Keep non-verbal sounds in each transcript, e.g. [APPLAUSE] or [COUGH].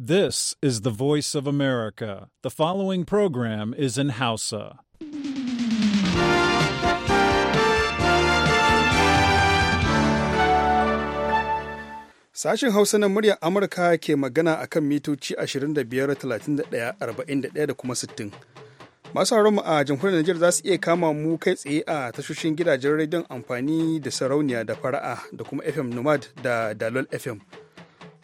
This is the voice of America. The following program is in Hausa. Sashen Hausa na muryar Amurka ke magana a kan mitoci 25, 31, 41 da kuma 60. Masu mu a jamhuriyar Nijar za su iya kama mu kai tsaye a tashoshin gidajen rediyon amfani da sarauniya da fara'a da kuma FM Nomad da Dalol FM.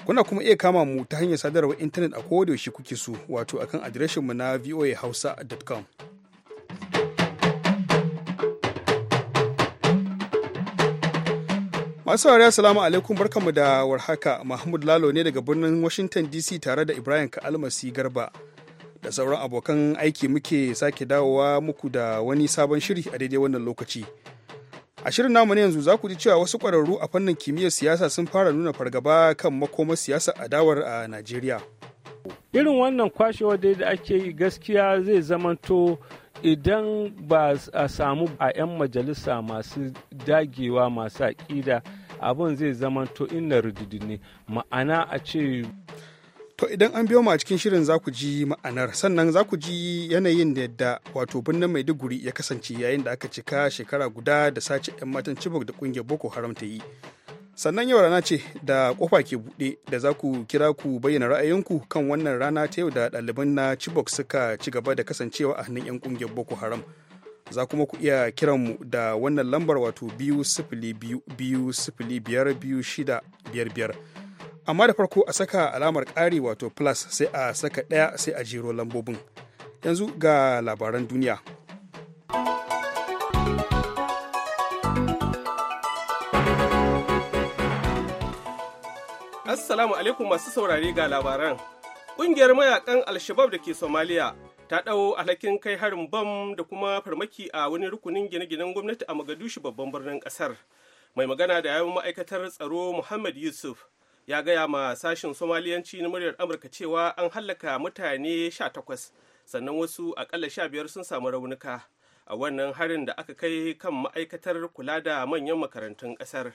Kuna kuma iya kama mu ta hanyar sadarwar intanet a kodayaushe kuke so wato akan adireshinmu na voahausa.com. Masu saurari as-salamu alaikum barkanmu da warhaka Mahmud Lalo ne daga birnin Washington DC tare da Ibrahim kalmasi Garba. Da sauran abokan aiki muke sake dawowa muku da wani sabon shiri a daidai wannan lokaci. A shirin namu ne yanzu zaku ji cewa wasu ƙwararru a fannin kimiyyar siyasa sun fara nuna fargaba kan makomar siyasa a dawar a Najeriya. Irin wannan dai da ake yi gaskiya zai zamanto idan ba a samu a 'yan majalisa masu dagewa masu aƙida abin zai zamanto inna rididini ma'ana a ce To idan an biyo mu a cikin shirin za ku ji ma'anar sannan za ku ji yanayin da yadda wato birnin Maiduguri ya kasance yayin da aka cika shekara guda da sace 'yan matan cibok da kungiyar Boko Haram ta yi. Sannan yau rana ce da kofa ke buɗe da za ku kira ku bayyana ra'ayinku kan wannan rana ta yau da ɗaliban na Chibok suka ci gaba da kasancewa a hannun 'yan kungiyar Boko Haram. Za kuma ku iya kiran mu da wannan lambar wato biyu sifili biyu biyu sifili biyar biyu shida biyar biyar. amma da farko a saka alamar ƙari wato plus sai a saka ɗaya sai a jero lambobin yanzu ga labaran duniya assalamu alaikum masu saurare ga labaran ƙungiyar mayakan alshabab da ke somaliya ta ɗau alhakin kai harin bam da kuma farmaki a wani rukunin gine-ginen gwamnati a magadushi babban birnin ƙasar mai magana da yawon ma'aikatar tsaro muhammad yusuf ya gaya ma sashin somaliyanci na muryar amurka cewa an hallaka mutane 18 sannan wasu akalla 15 sun samu raunuka a wannan harin da aka kai kan ma'aikatar kula da manyan makarantun ƙasar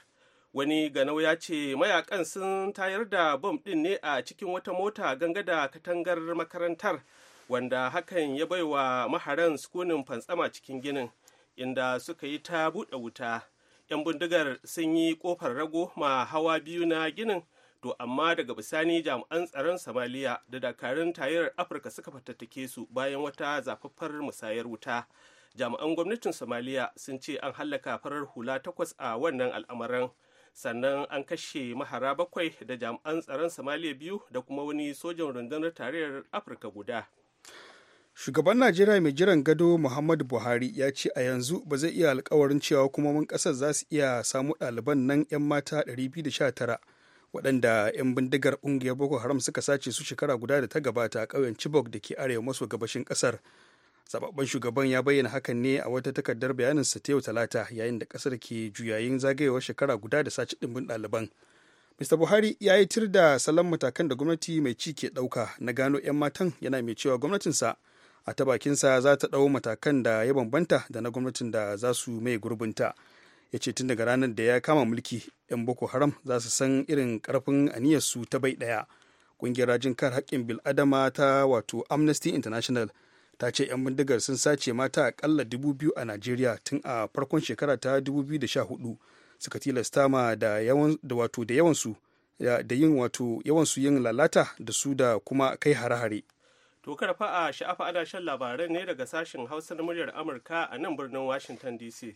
wani ganau ya ce mayakan sun tayar da bom ɗin ne a cikin wata mota ganga da katangar makarantar wanda hakan ya baiwa maharan sukunin fantsama cikin ginin inda suka yi ta buɗe wuta 'yan bindigar sun yi ƙofar rago ma hawa biyu na ginin to amma daga bisani jami'an tsaron samaliya da dakarun tarayyar afirka suka fatattake su bayan wata zafaffar musayar wuta jami'an gwamnatin samaliya sun ce an hallaka farar hula takwas a wannan al'amarin sannan an kashe mahara bakwai da jami'an tsaron samaliya biyu da kuma wani sojan rundunar tarayyar afirka guda shugaban najeriya mai jiran gado muhammadu buhari ya ce a yanzu ba zai iya alkawarin cewa hukumomin kasar za su iya samu ɗaliban nan 'yan mata 219 waɗanda 'yan bindigar ƙungiyar boko haram suka sace su shekara guda da ta gabata a ƙauyen chibok da ke arewa maso gabashin ƙasar zababben shugaban ya bayyana hakan ne a wata takardar bayaninsa ta yau talata yayin da ƙasar ke juyayin zagayewar shekara guda da sace ɗimbin ɗaliban mista buhari ya yi tir da salon matakan da gwamnati mai ci ke ɗauka na gano 'yan matan yana mai cewa gwamnatinsa a ta bakinsa za ta ɗau matakan da ya bambanta da na gwamnatin da za su mai gurbinta. ya ce tun daga ranar da ya kama mulki 'yan boko haram za su san irin karfin aniyar su ta bai daya. kungiyar rajin kar haƙƙin bil'adama ta wato amnesty international ta ce 'yan bindigar sun sace mata akalla dubu biyu a najeriya tun a farkon shekara ta 2014 suka tilasta ma da yawan da wato da su da yin wato su yin lalata da su da kuma kai hare-hare to karfa a sha'afa adashin labaran ne daga sashen hausa na muryar amurka a nan birnin washington dc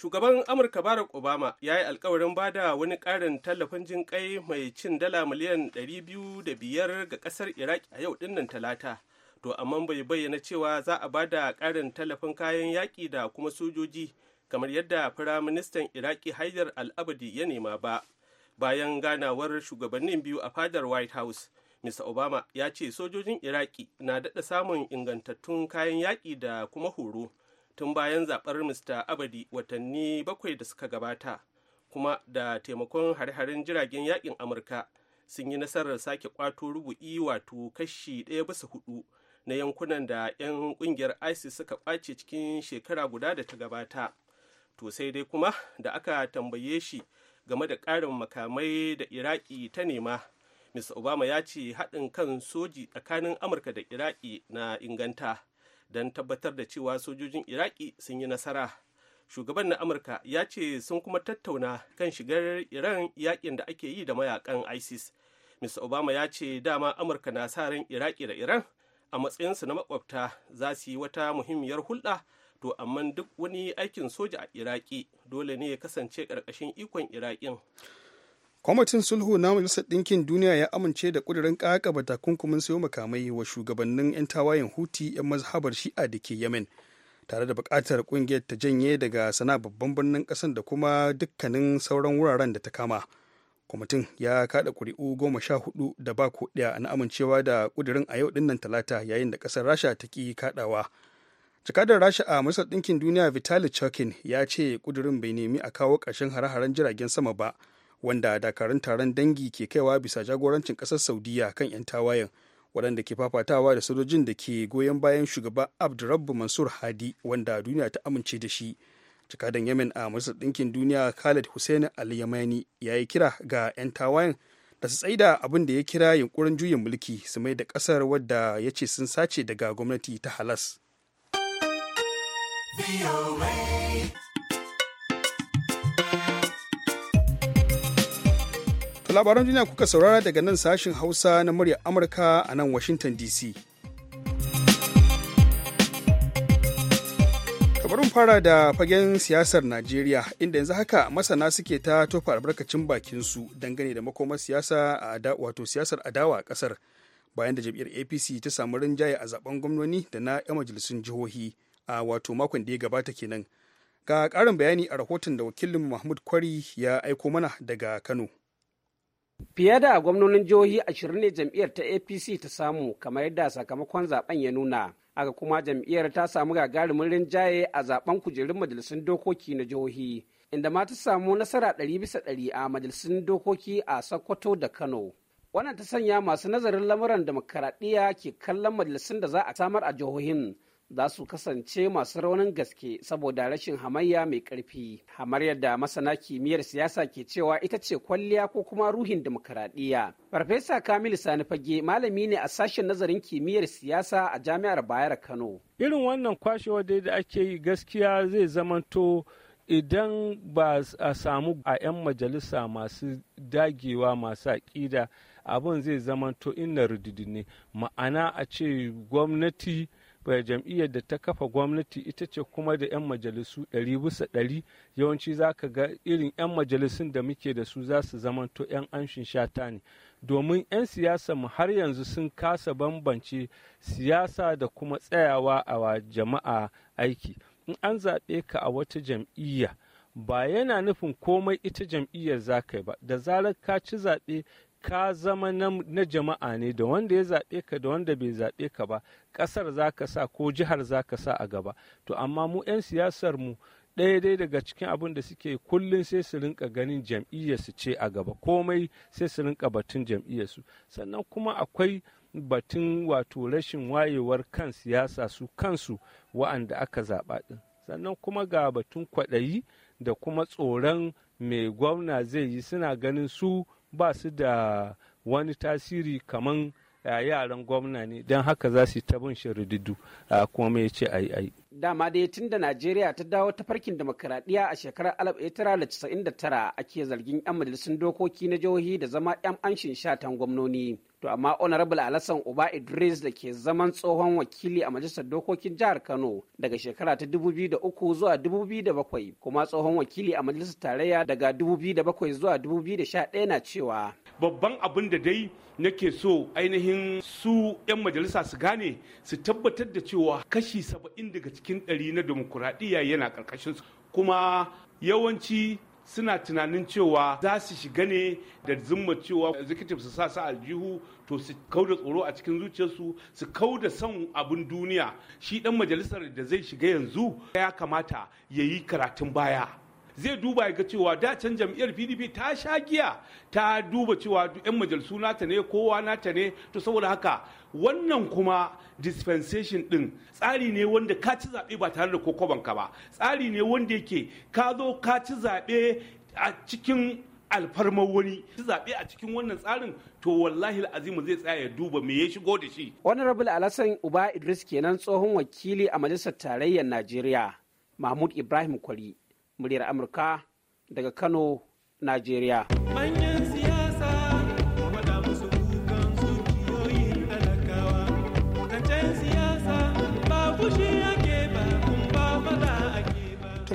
shugaban amurka barack obama ya yi alkawarin bada wani karin tallafin jin kai mai cin dala miliyan 205 ga kasar iraq a yau dinnan talata to amma bai bayyana cewa za a ba da karin tallafin kayan yaƙi da kuma sojoji kamar yadda firaministan iraki haidar al'abadi ya nema ba bayan ganawar shugabannin biyu a fadar white house mr obama ya ce sojojin iraki na daɗa samun ingantattun kayan yaƙi da kuma horo tun bayan zaɓar mr abadi watanni bakwai da suka gabata kuma da taimakon hare-haren jiragen yakin amurka sun yi nasarar sake kwato rubu'i wato kashi ɗaya bisa hudu na yankunan da 'yan ƙungiyar isis suka ƙwace cikin shekara guda da ta gabata to sai dai kuma da aka tambaye shi game da ƙarin makamai da iraki ta nema mr obama ya ce haɗin kan soji tsakanin amurka da iraki na inganta don tabbatar da cewa sojojin iraki sun yi nasara shugaban na amurka ya ce sun kuma tattauna kan shigar iran yakin da ake yi da mayakan isis mr obama ya ce dama amurka na sa ran iraki da iran a matsayinsu na makwabta za su yi wata muhimmiyar hulɗa to amma duk wani aikin soja a iraki dole ne ya kasance ƙarƙashin ikon iraƙin kwamitin sulhu na majalisar ɗinkin duniya ya amince da ƙudurin ba takunkumin sayo makamai wa shugabannin 'yan tawayen huti 'yan mazhabar shi'a da ke yamen tare da buƙatar ƙungiyar ta janye daga sana babban birnin ƙasar da kuma dukkanin sauran wuraren da ta kama kwamitin ya kaɗa ƙuri'u goma sha hudu da ba ko ɗaya na amincewa da ƙudurin a yau ɗinnan talata yayin da ƙasar rasha ta ƙi kaɗawa jakadar rasha a majalisar ɗinkin duniya vitali chokin ya ce ƙudurin bai nemi a kawo ƙarshen hare-haren jiragen sama ba wanda dakarun taron dangi ke kaiwa bisa jagorancin kasar saudiya kan 'yan tawayen waɗanda ke fafatawa da sojojin da ke goyon bayan shugaba abdurrabbu mansur hadi wanda duniya ta amince da shi jakadan yemen a majalisar ɗinkin duniya khalid hussein al yamani ya yi kira ga 'yan tawayen da su tsaida abin da ya kira yunkurin juyin mulki su mai da ƙasar wadda ya ce sun sace daga gwamnati ta halas. To labaran duniya kuka saurara daga nan sashin Hausa na murya Amurka a nan Washington DC. Kabarun fara da fagen siyasar Najeriya inda yanzu haka masana suke ta tofa albarkacin bakinsu dangane da makomar siyasa a wato siyasar adawa a kasar bayan da jam'iyyar APC ta samu rinjaye a zaben gwamnoni da na 'yan majalisun jihohi a wato makon da ya gabata kenan. Ga ƙarin bayani a rahoton da wakilin Mahmud Kwari ya aiko mana daga Kano. Fiye da gwamnonin jihohi ashirin ne jam'iyyar ta APC ta samu kamar yadda sakamakon zaben ya nuna. Aka kuma jam'iyyar ta samu gagarumin rinjaye a zaben kujerun majalisun dokoki na jihohi. Inda ma ta samu nasara ɗari bisa ɗari a majalisun dokoki a Sokoto da Kano. Wannan ta sanya masu nazarin lamuran da ke kallon majalisun da za a samar a jihohin za su kasance masu raunin gaske saboda rashin hamayya mai ƙarfi hamar yadda masana kimiyyar siyasa ke cewa ita ce kwalliya ko kuma ruhin demokaradiyya farfesa kamilu sani fage malami ne a sashen nazarin kimiyyar siyasa a jami'ar bayar kano irin wannan kwashewa dai da ake yi gaskiya zai zamanto idan ba a samu a 'yan majalisa masu dagewa masu aƙida abin zai zamanto ina ne ma'ana a ce gwamnati jam'iyyar da ta kafa gwamnati ita ce kuma da 'yan majalisu ɗari bisa ɗari yawanci za ka ga irin 'yan majalisun da muke da su za su zamanto 'yan amshin shata ne domin 'yan siyasa mu har yanzu sun kasa bambance siyasa da kuma tsayawa a wa jama'a aiki in an zaɓe ka a wata jam'iyya ba yana nufin komai ita jam'iyyar za ka yi ba da zarar ka ci zaɓe ka zama na jama'a ne da wanda ya zaɓe ka da wanda bai zaɓe ka ba ƙasar za ka sa ko jihar za ka sa a gaba to amma mu 'yan siyasar mu ɗaya dai daga cikin abin da suke kullum sai su rinka ganin jam'iyyarsu ce a gaba komai sai su rinka batun jam'iyyarsu sannan kuma akwai batun wato rashin wayewar kan siyasa su kansu wa'anda aka zaɓa ɗin sannan kuma ga batun kwaɗayi da kuma tsoron mai gwamna zai yi suna ganin su ba su da wani tasiri kaman eh, yaran gwamna ne don haka za su ta bin shirididdu eh, kuma ya ce ai ai dama dai tun da najeriya ta dawo ta farkin demokaradiyya a shekarar 1999 ake zargin 'yan majalisun dokoki na jihohi da zama 'yan amshin shatan gwamnoni to amma honorable alassan uba idris da ke zaman tsohon wakili a majalisar dokokin jihar kano daga shekara ta 2003 zuwa 2007 kuma tsohon wakili a majalisar tarayya daga 2007 zuwa 2011 na cewa babban abin da dai nake so ainihin su 'yan majalisa su gane su tabbatar da cewa kashi saba'in daga cikin ɗari na demokuraɗiyya yana ƙarƙashin su kuma yawanci suna tunanin cewa za su shiga ne da zumma cewa executive su sa su aljihu to su da tsoro a cikin zuciyarsu su kau da son abin duniya shi dan majalisar da zai shiga yanzu ya kamata ya yi karatun baya zai duba ya ga cewa da can jam'iyyar pdp ta sha giya ta duba cewa 'yan majalisu nata ne kowa nata ne to saboda haka wannan kuma dispensation din tsari ne wanda ka ci zaɓe ba tare da kokobanka ba tsari ne wanda yake ka zo ka ci zaɓe a cikin alfarmar wani ci zaɓe a cikin wannan tsarin to wallahi azimu zai tsaya ya duba me ya shigo da shi. Wani honorable alasan uba idris kenan tsohon wakili a majalisar tarayyar najeriya mahmud ibrahim kwari muryar amurka daga kano najeriya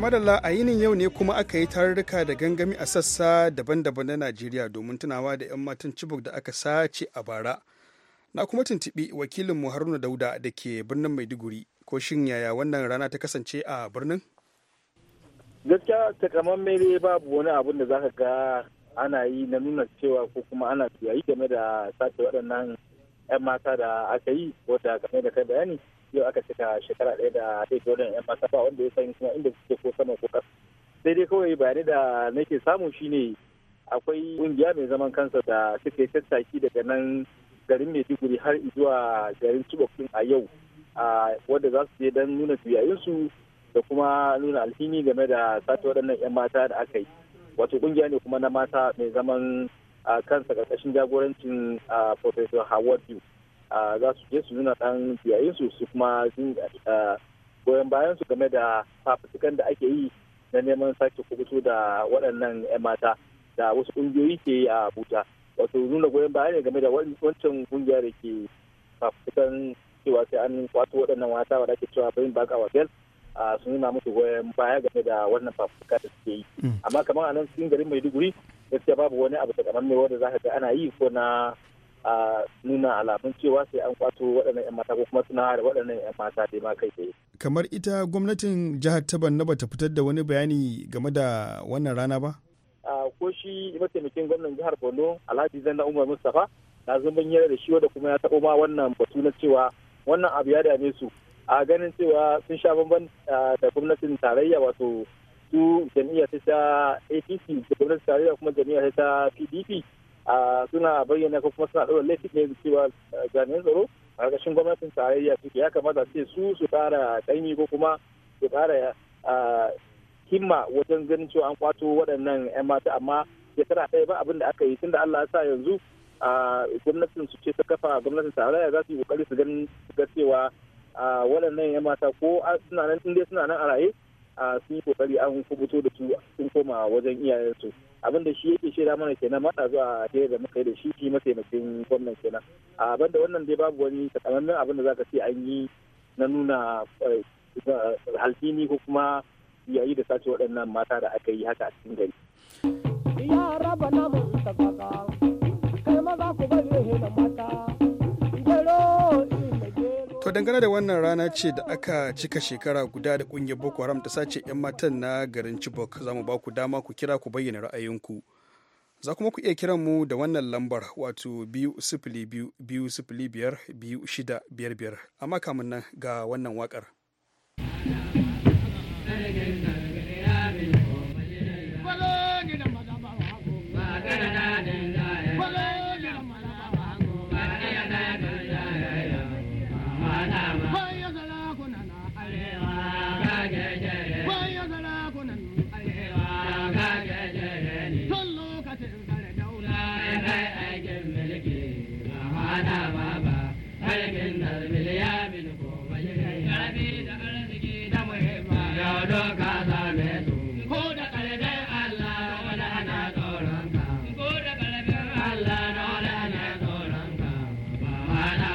madalla a yinin yau ne kuma aka yi tarurruka da gangami a sassa daban-daban na najeriya domin tunawa da 'yan matan cibok da aka sace a bara na kuma tuntuɓi wakilin mu haruna dauda da ke birnin maiduguri ko shin yaya wannan rana ta kasance a birnin gaskiya takamamme ne babu wani abun da zaka ga ana yi na nuna cewa ko kuma ana yayi game da sace waɗannan 'yan mata da aka yi game da kai bayani yau aka cika shekara ɗaya da daidai waɗannan 'yan mata ba wanda ya san kuma inda suke ko sama ko ƙasa sai dai kawai bayani da nake samu shine akwai ƙungiya mai zaman kansa da suke tattaki daga nan garin maiduguri har zuwa garin chibok a yau wadda za su je don nuna su da kuma nuna alhini game da sata waɗannan 'yan mata da aka yi wato ƙungiya ne kuma na mata mai zaman kansa ƙarƙashin jagorancin professor howard yu za su je su nuna ɗan su kuma goyon bayan su game da fafutukan da ake yi na neman sake kubuto da waɗannan 'yan mata da wasu ƙungiyoyi ke yi a abuja wato nuna goyon baya ne game da wancan ƙungiya da ke fafutukan cewa sai an kwato waɗannan mata wadda ake cewa bayan baka wa sun nuna musu goyon baya game da wannan fafuka da suke yi mm. amma kamar a nan cikin garin maiduguri gaskiya babu wani abu takamaimai wanda za ka ga ana yi ko na nuna alamun cewa sai an kwato waɗannan 'yan mata ko kuma suna da waɗannan 'yan mata dai ma kai tsaye. kamar ita gwamnatin jihar taban na bata fitar da wani bayani game da wannan rana ba. ko shi mataimakin gwamnan jihar borno alhaji zanna umar mustapha na zumban yare da shi wanda kuma ya taɓo ma wannan batu na cewa wannan abu ya dame su a ganin cewa sun sha bamban da gwamnatin tarayya wato su jam'iyyar ta apc da gwamnatin tarayya kuma jam'iyyar ta pdp suna bayyana ko kuma suna ɗaura laifin ne cewa jami'an tsaro a ƙarƙashin gwamnatin tarayya suke ya kamata ce su su ƙara ɗanyi ko kuma su ƙara himma wajen ganin cewa an kwato waɗannan 'yan mata amma shekara ɗaya ba abin da aka yi tunda Allah ya sa yanzu gwamnatin su ce ta kafa gwamnatin tarayya za su yi kokari su ganin cewa a waɗannan ya mata ko suna nan inda suna nan a raye sun yi kokari an kubuto da su sun koma wajen iyayensu abin da shi yake shaida mana kenan mata zuwa a da muka yi da shi shi mataimakin gwamnan kenan a da wannan dai babu wani takamaiman abin da zaka ce an yi na nuna eh, halfini ko kuma yayi da sace waɗannan mata da aka yi haka a cikin gari. Ya raba namun To dangane da wannan rana ce da aka cika shekara guda da kungiyar Boko Haram ta sace 'yan matan na garin Chibok za mu ba ku dama ku kira ku bayyana ra'ayinku. Za kuma ku iya kiran mu da wannan lambar wato biyu sifili biyu biyu sifili biyar biyu shida amma kamun nan ga wannan wakar. Mana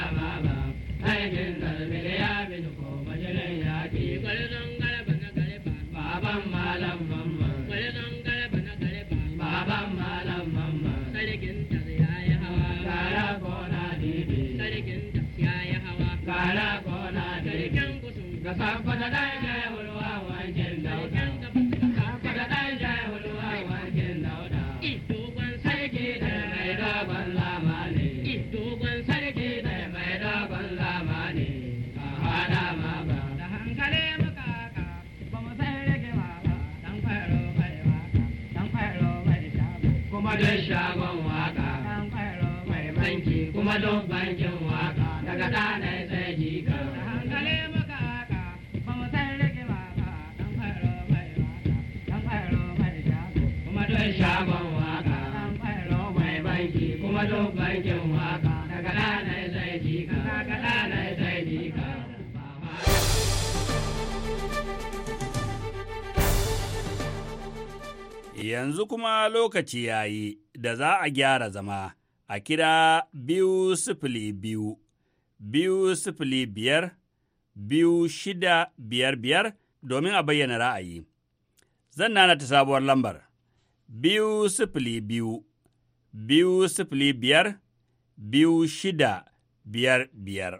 kuma waka daga zai ka daga ka Yanzu kuma lokaci ya yi da za a gyara zama a kira biyu sifili biyu, biyu sifili biyar, biyu shida biyar biyar domin a bayyana ra'ayi. Zan nana ta sabuwar lambar, biyu sifili biyu, biyu sifili biyar biyu shida biyar biyar.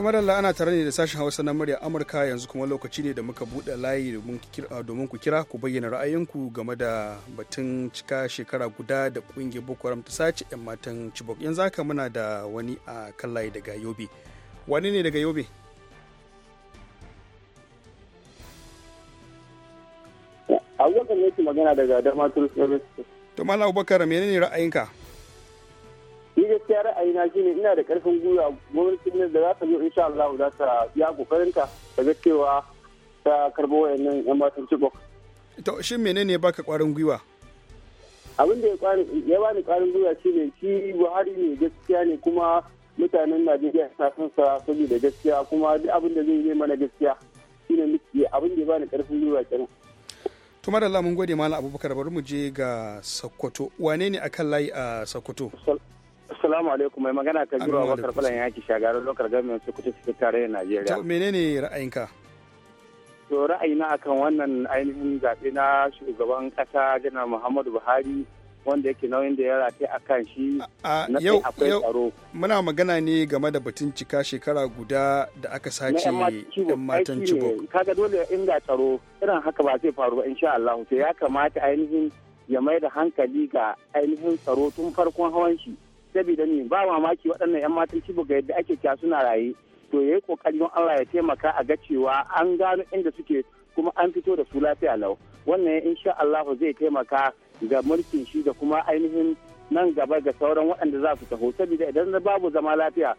kamar Allah ana tare ne da sashen hausa na murya amurka yanzu kuma lokaci ne da muka buɗe layi domin ku kira ku bayyana ra'ayinku game da batun cika shekara guda da ƙungiyar boko haram ta sace 'yan matan chibok yanzu haka muna da wani a kan layi daga yobe wani ne daga yobe abubakar ne magana daga damatul service to malam abubakar menene ra'ayinka ni gaskiya ra'ayi na shine ina da karfin gwiwa gwamnatin nan da za ta zo insha Allah za ta ya kokarinta da daga cewa ta karbo wayannan yan matan Chibok to shin menene baka kwarin gwiwa abin da ya bani kwarin gwiwa shine shi Buhari ne gaskiya ne kuma mutanen Najeriya na son sa saboda gaskiya kuma duk abin da zai yi mana gaskiya shine abin da ya bani karfin gwiwa kenan tuma da mun gode malam abubakar bari mu je ga sokoto wane ne akan layi a sokoto Assalamu alaikum mai magana Kabiru Abubakar ya yaki shagarar lokar gamin su kuce su tare da Najeriya. To menene ra'ayinka? To ra'ayina akan wannan ainihin zaɓe na shugaban ƙasa janar Muhammadu Buhari wanda yake nauyin da ya rataye a kan shi na yau akwai Muna magana ne game da batun cika shekara guda da aka sace ɗan matan Chibok. Kaga dole in ga tsaro irin haka ba zai faru ba insha Allah. To ya kamata ainihin ya mai da hankali ga ainihin tsaro tun farkon hawan shi. saboda ni ba mamaki waɗannan 'yan matan cibo ga yadda ake kya suna raye to ya yi kokari don Allah ya taimaka a ga cewa an gano inda suke kuma an fito da su lafiya lau wannan insha Allah zai taimaka ga mulkin shi da kuma ainihin nan gaba ga sauran waɗanda za su taho saboda idan babu zama lafiya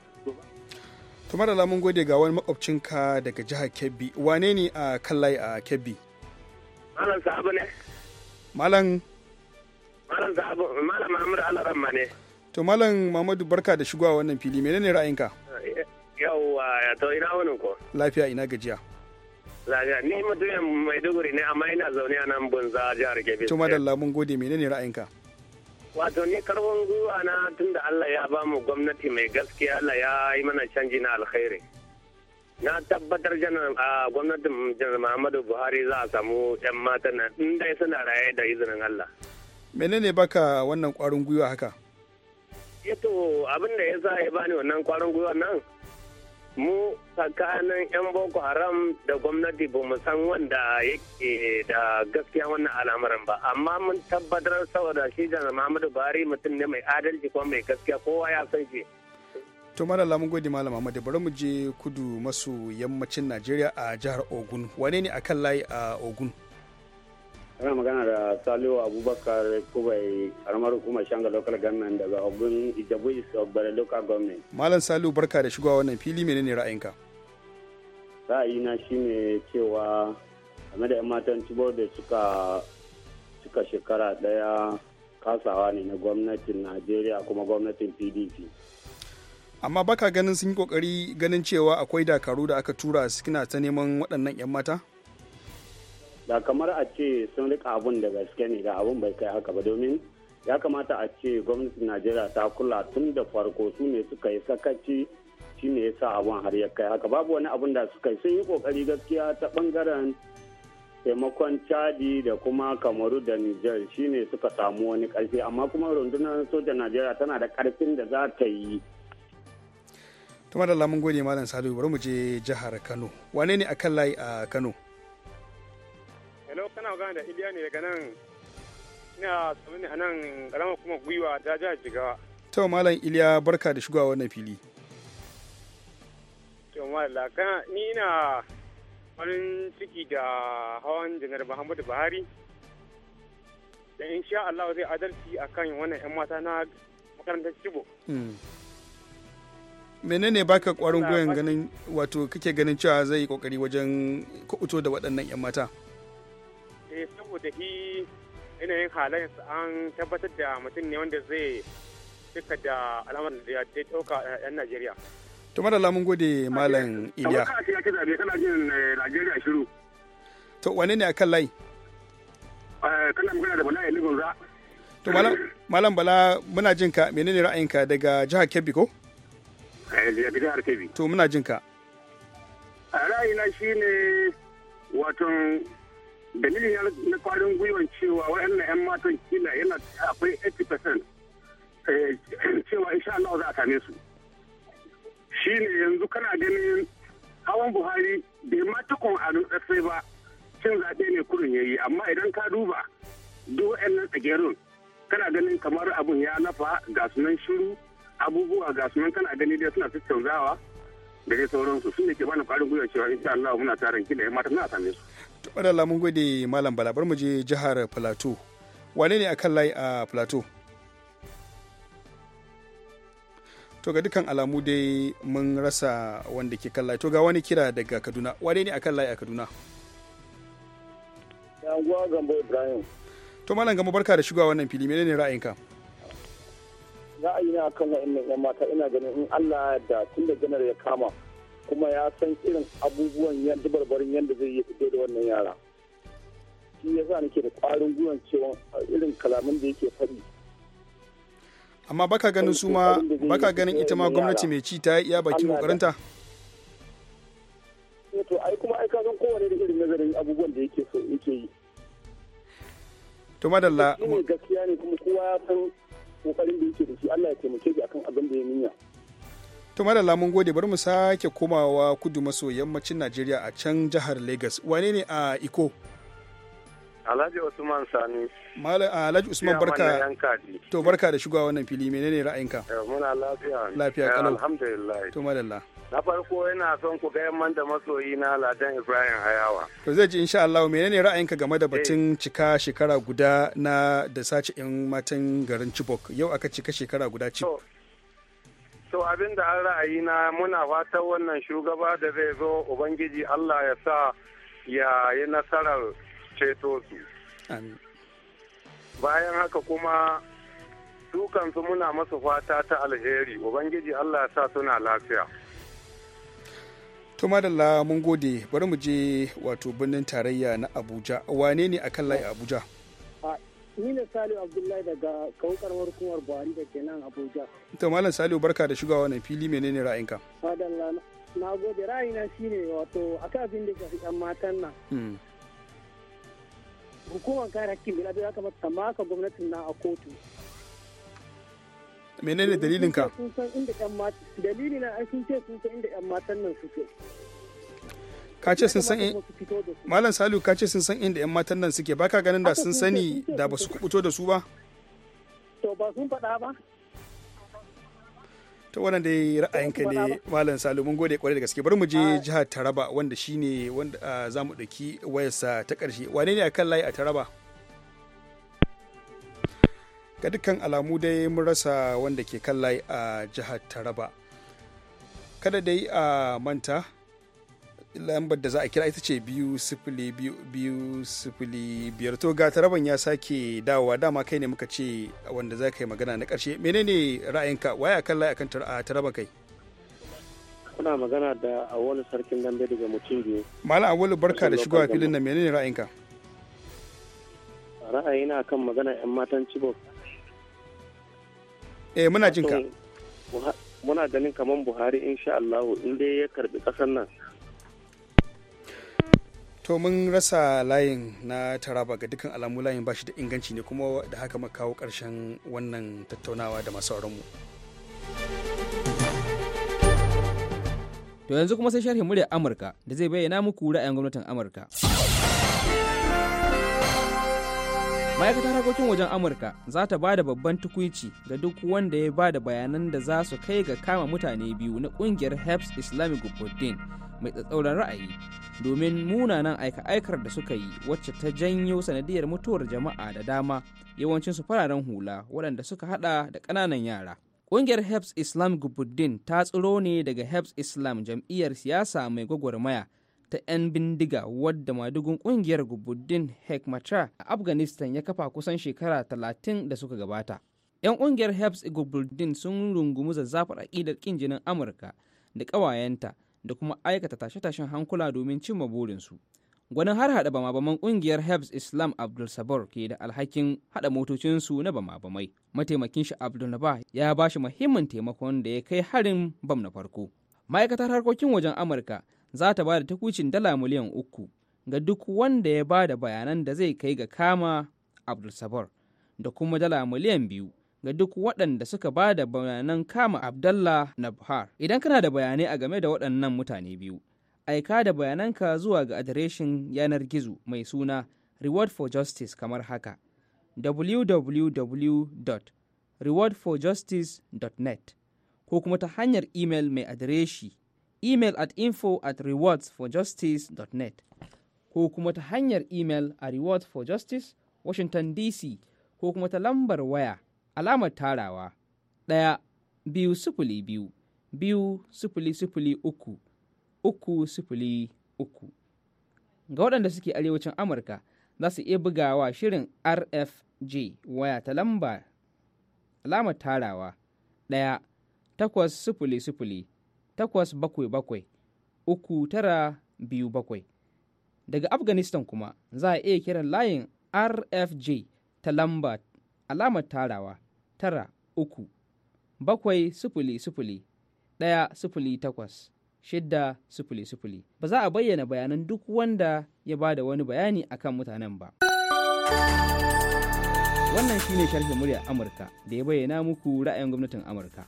tumar da lamun gode ga wani makwabcinka daga jihar kebbi wane ne a kallai a kebbi malam sabu ne malam malam Sabu malam mahmud alaramma ne to malam mamadu barka da shigowa wannan fili menene ra'ayinka yawwa to ina wani ko lafiya ina gajiya lafiya ni mutumin duguri ne amma ina zaune a nan bunza jihar gebe to madalla mun gode menene ra'ayinka wato ni karfin gwiwa na tun da Allah ya ba mu gwamnati mai gaskiya Allah ya yi mana canji na alkhairi na tabbatar janar a gwamnatin janar Muhammadu Buhari za a samu yan mata na inda suna raye da izinin Allah menene baka wannan kwarin gwiwa haka Eto eh, abin da ya sa ya bani wannan kwarin gwiwa nan mu tsakanin 'yan boko haram da gwamnati ba mu san wanda yake da gaskiya wannan al'amarin ba amma mun tabbatar saboda shi janar mahmudu buhari mutum ne mai adalci kuma mai gaskiya kowa ya san shi to malala mun gode malam ahmad bari mu je kudu maso yammacin najeriya a jihar ogun wane ne akan layi a ogun Ana magana da Salihu Abubakar Kubai, karamar hukumar Shanga Local Government daga Ogun Ijabu is Ogbare Local Government. Malam Salihu barka da shigowa wannan fili menene ra'ayinka? shi shine cewa game da 'yan matan tubo da suka suka shekara daya kasawa ne na gwamnatin Najeriya kuma gwamnatin PDP. Amma baka ganin sun yi kokari ganin cewa akwai dakaru da aka tura suna ta neman waɗannan 'yan mata? da kamar a ce sun rika abun da gaske ne da abun bai kai haka ba domin ya kamata a ce gwamnatin najeriya ta kula tun da farko su ne suka yi sakaci shi ne ya sa abun har ya kai haka babu wani abun da suka yi sun yi kokari gaskiya ta bangaren taimakon chadi da kuma kamaru da niger shi ne suka samu wani karfi amma kuma rundunar sojan najeriya tana da karfin da za ta yi tuma da lamun gode malam sadu bari mu je jihar kano wane ne akan layi a kano magana da Iliya ne daga nan ina tsamani a nan ƙaramar kuma gwiwa ta jihar Jigawa. To Malam Iliya barka da shigowa wannan fili. To Malam ka ni ina farin ciki da hawan janar Muhammadu Buhari. Da in sha Allah zai adalci akan wannan 'yan mata na makarantar Cibo. Hmm. menene baka kwarin goyon ganin wato kake ganin cewa zai yi kokari wajen kuɓuto da waɗannan 'yan mata eh saboda shi yanayin halayensa an tabbatar da mutum ne wanda zai cika da alamar da ya ɗauka yan Najeriya. To madalla lamun gode Malam Iliya. Eh, to wane ne a kan layi? Eh, kana magana da Bala Eligun za. To Malam Bala muna jin ka menene ra'ayinka daga jihar Kebbi ko? Eh, daga jihar Kebbi. To muna jin ka. A Ra'ayina shine waton dalilin na kwarin gwiwan cewa waɗannan 'yan matan kila yana akwai 80% eh, [CLEARS THROAT] cewa insha Allah za a same su shi ne yanzu kana ganin hawan buhari bai ma takon a nutsatse ba cin zaɓe ne kurin ya yi amma idan ka duba duk waɗannan tsagerun kana ganin kamar abun ya nafa ga sunan shiru abubuwa ga sunan kana gani dai suna tattaunawa da dai sauransu su ne ke bani kwarin gwiwa cewa insha Allah muna tarin kila 'yan matan za a same su. Tuɓar mun gode Malam Bala bar mu je jihar Plateau. Wane ne akan layi a Plateau? To ga dukkan alamu dai mun rasa wanda ke kan layi. To ga wani kira daga Kaduna. Wane ne akan layi a Kaduna? Gambo Ibrahim. To Malam Gambo barka da shigowa wannan fili. mene ne ra'ayinka? Ra'ayina akan wa'annan 'yan mata ina ganin in Allah da tun da janar ya kama kuma ya san irin abubuwan yadda barbarin yadda zai yi fito da wannan yara shi ya sa nake da ƙwarin gwiwan cewa uh, irin kalaman da yake faɗi amma baka ganin su ma baka ganin ita ma gwamnati mai ci ta iya bakin kokarinta eh, to ai kuma ai ka san kowane da irin nazarin abubuwan da yake so yake yi to madalla gaskiya ne kuma kowa ya san kokarin da yake da shi Allah ya taimake shi akan abin da ya niyya to madalla mun gode bari mu sake komawa kudu maso yammacin najeriya a can jihar lagos wane ne a iko alhaji usman sani alhaji usman barka to barka da shigowa wannan fili menene ra'ayinka eh, muna lafiya lafiya eh, kalau alhamdulillah to madalla na farko yana son ku ga yamman da masoyi na ladan ibrahim hayawa to zai ji insha Allah menene ra'ayinka game da eh. batun cika shekara guda na da sace yan matan garin chibok yau aka cika shekara guda chibok To abin da an ra'ayi na muna fatan wannan shugaba da zai zo Ubangiji Allah ya sa ya yi nasarar ceto su. Bayan haka kuma dukansu muna masu fata ta alheri Ubangiji Allah ya sa suna lafiya. To madalla mun gode bari mu je wato birnin tarayya na Abuja wane ne akan layi Abuja? ni ne Salihu Abdullahi daga kawukar hukumar Buhari da ke nan Abuja. Ita Malam Salihu barka da shigawa wannan fili menene ra'ayinka? Fadalla na gode ra'ayina shine wato akan abin da shafi yan matan nan. Hmm. Hukumar kare hakkin biladu ya kamata ta maka gwamnatin na a kotu. Menene dalilin ka? dalilina an sun ce sun san inda yan matan nan suke. ka ce sun san malam salu ka ce sun san inda yan matan nan suke baka ganin da sun sani da ba su kubuto da su ba to ba sun faɗa ba ta wannan dai ra'ayinka ne malam salu mun gode kwarai da gaske bari mu je ah. jihar taraba wanda shine wanda ah, za mu ɗauki wayarsa ta ƙarshe wane ne akan layi a taraba ga dukkan alamu dai mun rasa wanda ke kan layi a jihar taraba kada dai a manta lambar da za a kira ita ce biyu sifili biyu sifili biyar to ga taraban ya sake dawowa dama kai ne muka ce wanda za ka yi magana na ƙarshe menene ra'ayinka waya kan layi akan taraban kai kuna magana da awolu sarkin dambe daga mutum biyu malam awolu barka da shigowa filin nan menene ra'ayinka ra'ayina kan magana yan matan cibo eh muna jinka muna ganin kamar buhari insha allahu in dai ya karbi ƙasar nan to mun rasa layin na taraba ga dukkan alamu layin bashi da inganci ne kuma da haka muka kawo karshen wannan tattaunawa da masu mu. To yanzu kuma sai sharhin muryar Amurka da zai bayyana muku ra'ayin gwamnatin Amurka. ma'aikatar harkokin wajen amurka za ta ba da babban tukuici ga duk wanda ya ba da bayanan da za su kai ga kama mutane biyu na kungiyar heps islamic 14 mai tsatsauran ra'ayi domin munanan aika-aikar da suka yi wacce ta janyo sanadiyar mutuwar jama'a da dama yawancin su fararen hula waɗanda suka hada da ƙananan yara ƙungiyar Hebs Islam Gubuddin ta tsiro ne daga Hebs Islam jam'iyyar siyasa mai gwagwarmaya ta 'yan bindiga wadda madugun ƙungiyar Gubuddin Hekmacha a Afghanistan ya kafa kusan shekara talatin da suka gabata. 'Yan ƙungiyar Hebs Gubuddin sun rungumi zazzafar aƙidar ƙin jinin Amurka da ƙawayenta da kuma aikata tashe-tashen hankula domin cimma burinsu. Gwanin har haɗa bama-baman ƙungiyar Hebs Islam Abdul Sabor ke da alhakin haɗa motocinsu na bama-bamai. Mataimakin shi Abdul Naba ya ba shi muhimmin taimakon da ya kai harin bam na farko. Ma'aikatar harkokin wajen Amurka za ta ba da takucin dala miliyan uku ga duk wanda ya ba da bayanan da zai kai ga kama Abdul Sabor da kuma dala miliyan biyu ga duk waɗanda suka ba da bayanan kama Abdallah buhar. Idan kana da bayanai a game da waɗannan mutane biyu, aika da bayananka zuwa ga adireshin yanar gizo mai suna Reward for Justice kamar haka www.rewardforjustice.net ko kuma ta hanyar imel mai adireshi email at info at rewardsforjustice.net ko kuma ta hanyar email a rewardsforjustice Washington DC ko kuma ta lambar waya alamar tarawa ɗaya biyu sifili biyu biyu sifili sifili uku uku sifili uku ga waɗanda suke arewacin amurka za su iya bugawa shirin rfj waya ta lamba alamar tarawa ɗaya takwas sifili sifili takwas bakwai bakwai uku tara biyu bakwai daga afghanistan kuma za a iya kiran layin rfj ta lamba alamar tarawa tara uku bakwai sufuli sufuli ɗaya sufuli takwas shidda sufuli sufuli ba za a bayyana bayanan duk wanda ya ba da wani bayani akan mutanen ba wannan shi ne sharhin murya amurka da ya bayyana muku ra'ayin gwamnatin amurka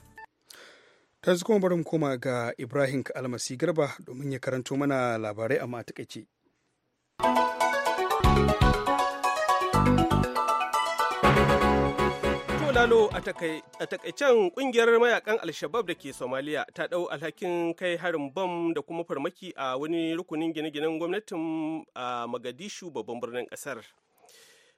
ta kuma bari mu koma ga ibrahim almasi garba domin ya karanto mana labarai amma a takaice. Lalo a takaicen kungiyar mayakan Alshabab da ke Somalia ta dau alhakin kai harin bom da kuma farmaki a wani rukunin gine-ginen gwamnatin a Magadishu babban birnin ƙasar.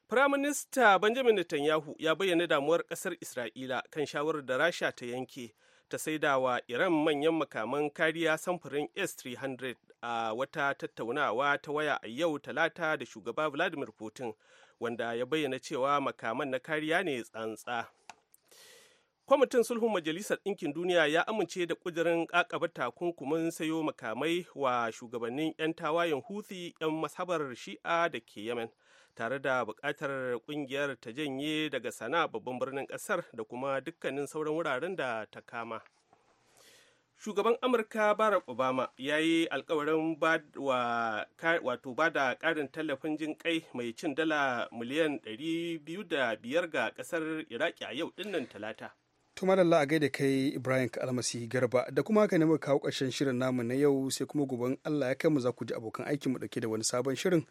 Firaminista Benjamin Netanyahu ya bayyana damuwar kasar Isra'ila kan shawarar da Rasha ta yanke ta saida wa Iran manyan makaman kariya samfurin S-300 a wata tattaunawa ta waya a yau talata da shugaba Vladimir Putin. wanda ya bayyana cewa makaman na kariya ne tsantsa kwamitin sulhun majalisar ɗinkin duniya ya amince da ƙudurin ƙaƙaba takunkumin sayo makamai wa shugabannin 'yan tawayen huthi 'yan mashabar shi'a da ke yemen tare da buƙatar ƙungiyar ta janye daga sana babban birnin ƙasar da kuma dukkanin sauran wuraren da ta kama shugaban amurka barack obama ya yi alkawarin wato ba da karin tallafin jin kai mai cin dala miliyan 205 ga kasar iraki a yau dinnan talata tumar Allah a gaida kai Ibrahim Almasi Garba da kuma haka ne muka kawo ƙarshen shirin namu na yau sai kuma gobe Allah ya kai mu za ku ji abokan aikin mu dauke da wani sabon shirin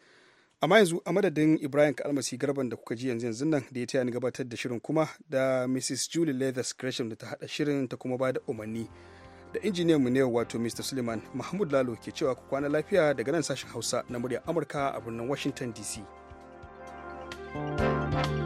amma yanzu a madadin Ibrahim Almasi Garban da kuka ji yanzu yanzu nan da ya taya ni gabatar da shirin kuma da Mrs Julie Leathers Gresham da ta hada shirin ta kuma ba da umarni da injiniyan mu ne wato Mr. Suleiman Mahmud Lalo ke cewa ku kwana lafiya daga nan sashen Hausa na murya Amurka a birnin Washington DC. thank you